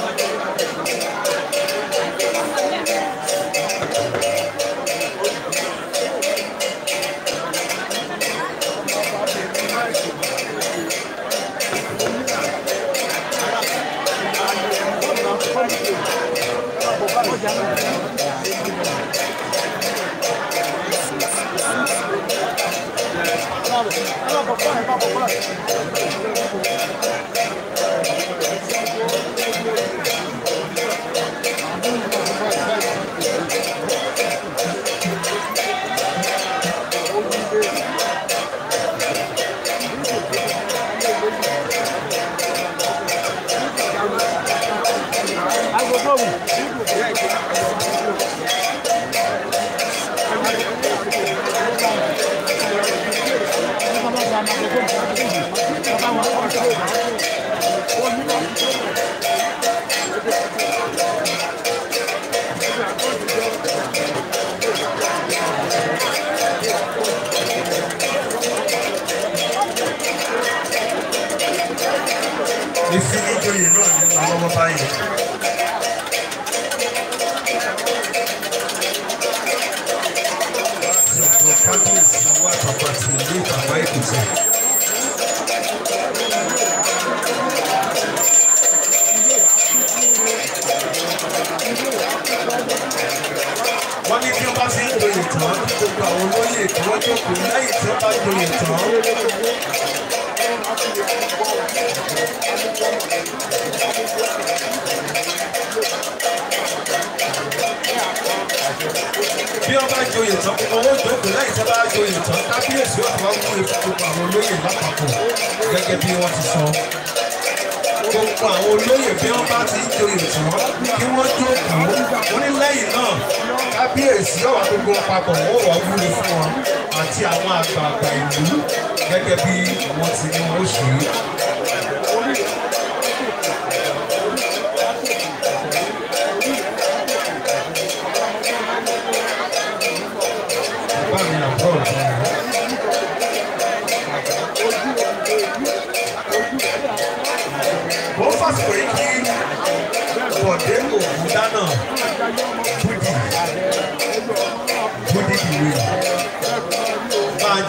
Bravo, bravo, bravo, bravo. 사이즈 àwọn olóògbé lẹ́yìn tí a bá joyè kábíyèsí ọ̀pọ̀ mú ipa àwọn olóyè lápapọ̀ gẹ́gẹ́ bí wọ́n ti sọ. gbogbo àwọn olóyè bí wọ́n bá ti ń joyè tán kí wọ́n jó kàó onílẹ́yìn náà kábíyèsí ọ̀wà gbogbo papọ̀ wọ́n wọ́n wúni fún wọn àti àwọn àgbààgbà ìlú gẹ́gẹ́ bí wọ́n ti ní wọ́n ṣe é.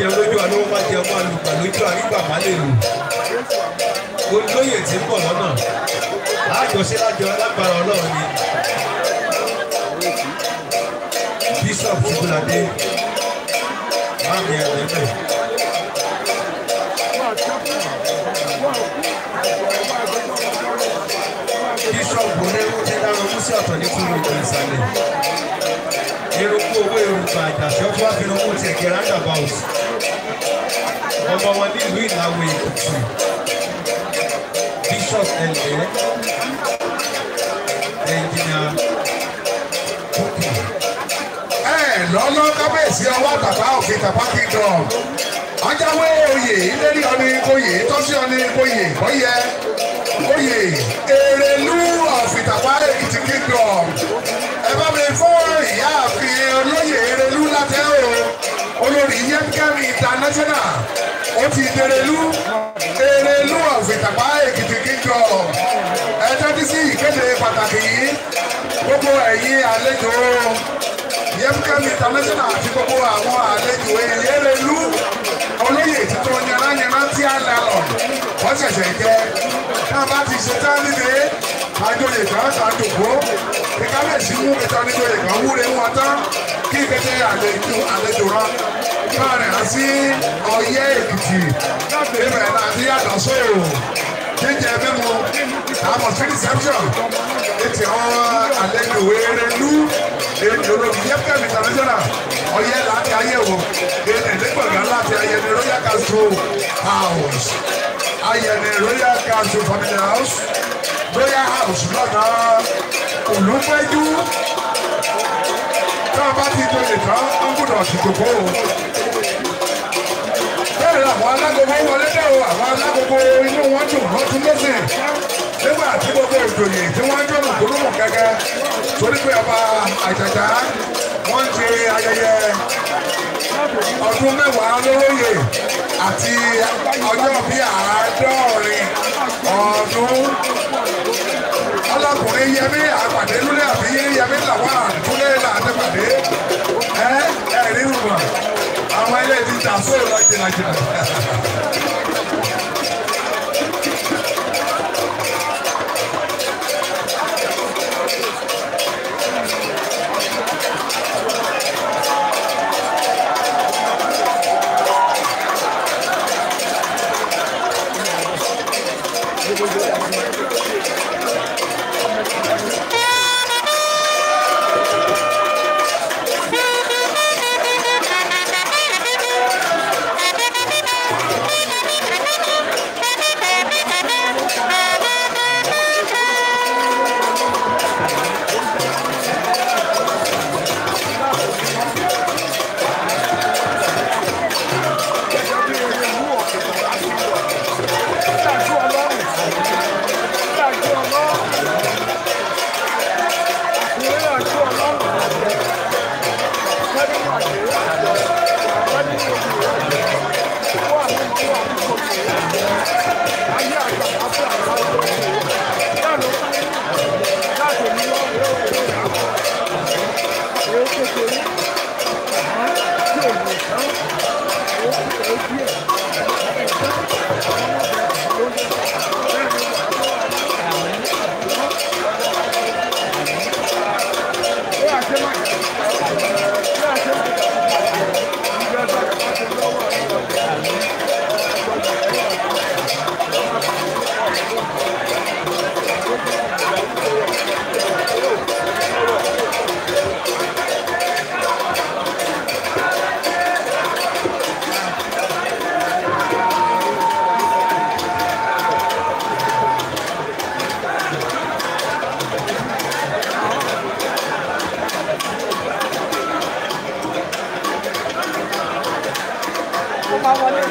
jẹun lójú àná ó máa jẹun máa lùgbà lójú àrígbà má lè lù olóyè tí ń bọ̀ lọ́nà àjọṣe lájọ alágbára ọlọ́run ni bíṣọ̀pù Ṣùgbọ́nadé máàmì ẹ̀ẹ́dẹ́gbẹ̀. bíṣọ̀pù onírúurú dáná músí ọ̀tọ̀ ní kúrò ìgbà ìsàlẹ̀ eruku owó eruku àjàṣọ́ fún àfihàn mú ti ẹ̀kẹ́ roundabout ọmọ wọn nílùú Ìlawó Èkìtì Bishop Ẹlẹ ẹnjìnà Bukky. ẹ lọ́lọ́ kábíyèsí ọwọ́ tàbá òkè tàbá kingdom ajáwé oyè ìlérí ọni oyè tọ́sí ọni oyè oyè oyè èrèlú ọ̀fìtàpá Èkìtì kingdom ẹ bá mi fún ìyáàfin olóyè èrèlú látẹ́ o olórí yẹn kẹ́mi international ó ti dèrèlú dèrèlú of Ìtàpá Èkìtì kingdom ẹ tẹ́tí sí ìkéde pàtàkì yìí gbogbo ẹ̀yin àlejò yẹn kẹ́mi international àti gbogbo àwọn àlejò Erelú olóyè títún yanayana tí a là lọ wọ́n ṣẹ̀ṣẹ̀ jẹ́ náà bá ti ṣe tán nílé àjòyè kan àjòkó ìkábẹ̀sí mú ìtọ́nijoyè kan wúre wọn tán kí ìkéde àlejò àlejò rán máa rìn rán sí Ọ̀yẹ́ Èkìtì ibẹ̀rẹ̀ náà ti yàtọ̀ sóò jíjẹ mímu àmọ̀ sí reception ètò àwọn àlejò erelu ètò olóbi yẹ́pẹ̀m international Ọ̀yẹ́ láti ayẹ̀wò ẹ̀ẹ́dẹ́gbọ̀ngàn láti ayẹni royal castle house ayẹni royal castle family house royal house lọ́nà olùpẹ̀jú tí wọ́n bá ti dolè tán wọ́n gbọ́dọ̀ ṣètò kó o àwọn alágbogbo wọlé dé o àwọn alágbogbo inú wọn dùn wọn tún lọ́sìn nígbà tí gbogbo ìjòyè tí wọ́n jọ lùkúrú gẹ́gẹ́ torí pé ọba àjàjà wọ́n ti ayẹyẹ ọdún mẹ́wàá lóróyè àti ọjọ́ bí àádọ́rin ọdún ọlọ́kùnrin yẹmí àpàdé lúlẹ̀ àbí yẹmí làwọn àdúlẹ̀ làdẹ́pàdé ẹ ẹ̀rí rùmọ̀ àwọn ẹlẹ́ẹ̀dì tà sóòrọ̀ jìnnà jìnnà. Amen.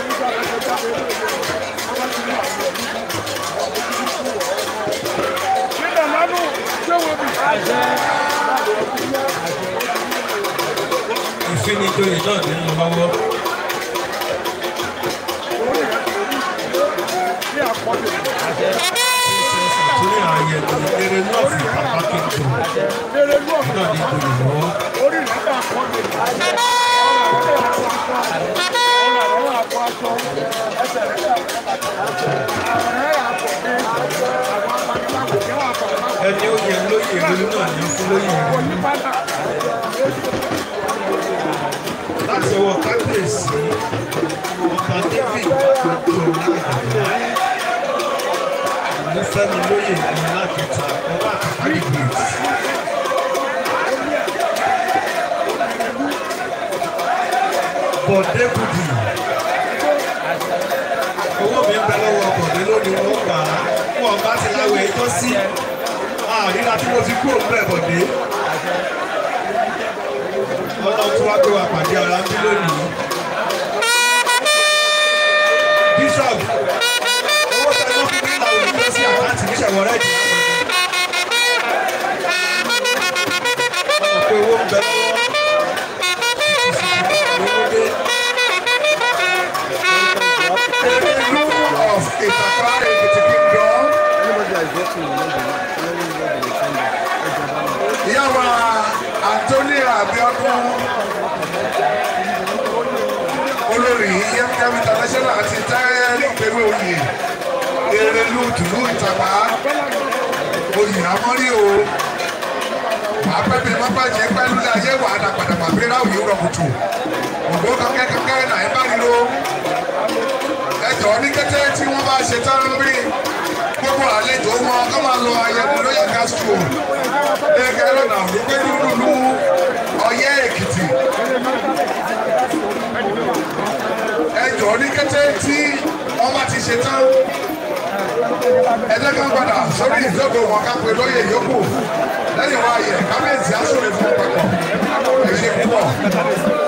ìfinijoyè náà ní lọ́wọ́. Àtúnyà ayẹyẹ eré náà fún Papa Kinto náà ní ìdòwò. That's our kábíyèsí. Ọba David tuntun náà. Àmúfẹ́mi lóye ní Lákìtà ọba àkàkàdìgbò. Bọ̀dé Kùdì. Owó mi ń bẹ lọ́wọ́ àríra tí wọ́n ti kúrò nílẹ̀ bọ̀dé ọ̀nà tí wọ́n gbé wa pàdé ara The rule Abíọ́dún olórí yemkem international àti Táyé Nípewé oyè Erelu tùlú Ìtàpá oyè amọ́rí o àpẹẹrẹ mọ́bàjẹ́ pẹ̀lú ayé wà dàgbàdàgbà bíra òye rọ̀kùtù ògbó kankan kankan náà ẹ bá nílò ẹjọ́ ní kété tí wọ́n bá ṣe tán lórí gbogbo àlejò wọn kọ́ máa lọ ayẹwo lóye gastro ẹ̀ka ẹ̀rọ náà ló gbé dúdú lúwú. Ọ̀yẹ́ Èkìtì ẹ jọ̀ọ́ ní kété tí wọ́n bá ti ṣe tán ẹ jẹ́ ká padà sórí ìjókòó wọn ká pe lóye yòókù lẹ́yìn wáyé kábíyèsí á sórí fún pẹ̀pọ̀ èyí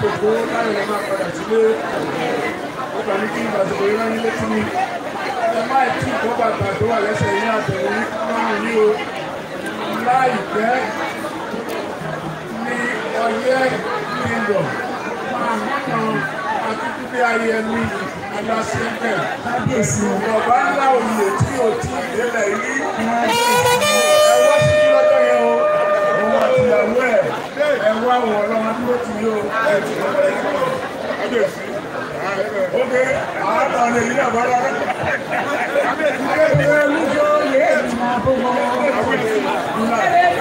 kòkó láyé lè máa padà sílé ó gbà ní kí n gbàdúgbò yín láyé létí mi ẹ má tí ìkó bàtà tó wà lẹ́sẹ̀ yín àtẹ̀wé náà ní o láìpẹ́ ní ọyẹ́ kingdom máa hàn akíkúbí ayé ẹni aláṣẹ́ńtẹ̀ bàbá ńlá òye tí o ti délẹ̀ yìí ìyàwó ẹ̀ ẹ̀ wá wọ̀ lọ́wọ́ tí ó ti yó ẹ̀ ti lọ́ bẹ̀rẹ̀ sí wọn ọjọ́ ìsí. Oge àádọ́ ni èyí náà bá rà. Ẹ̀rẹ̀ lójó lè ti máa bọ́ wọn. Ẹ̀rẹ̀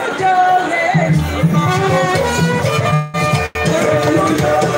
lójó lè ti máa wọn.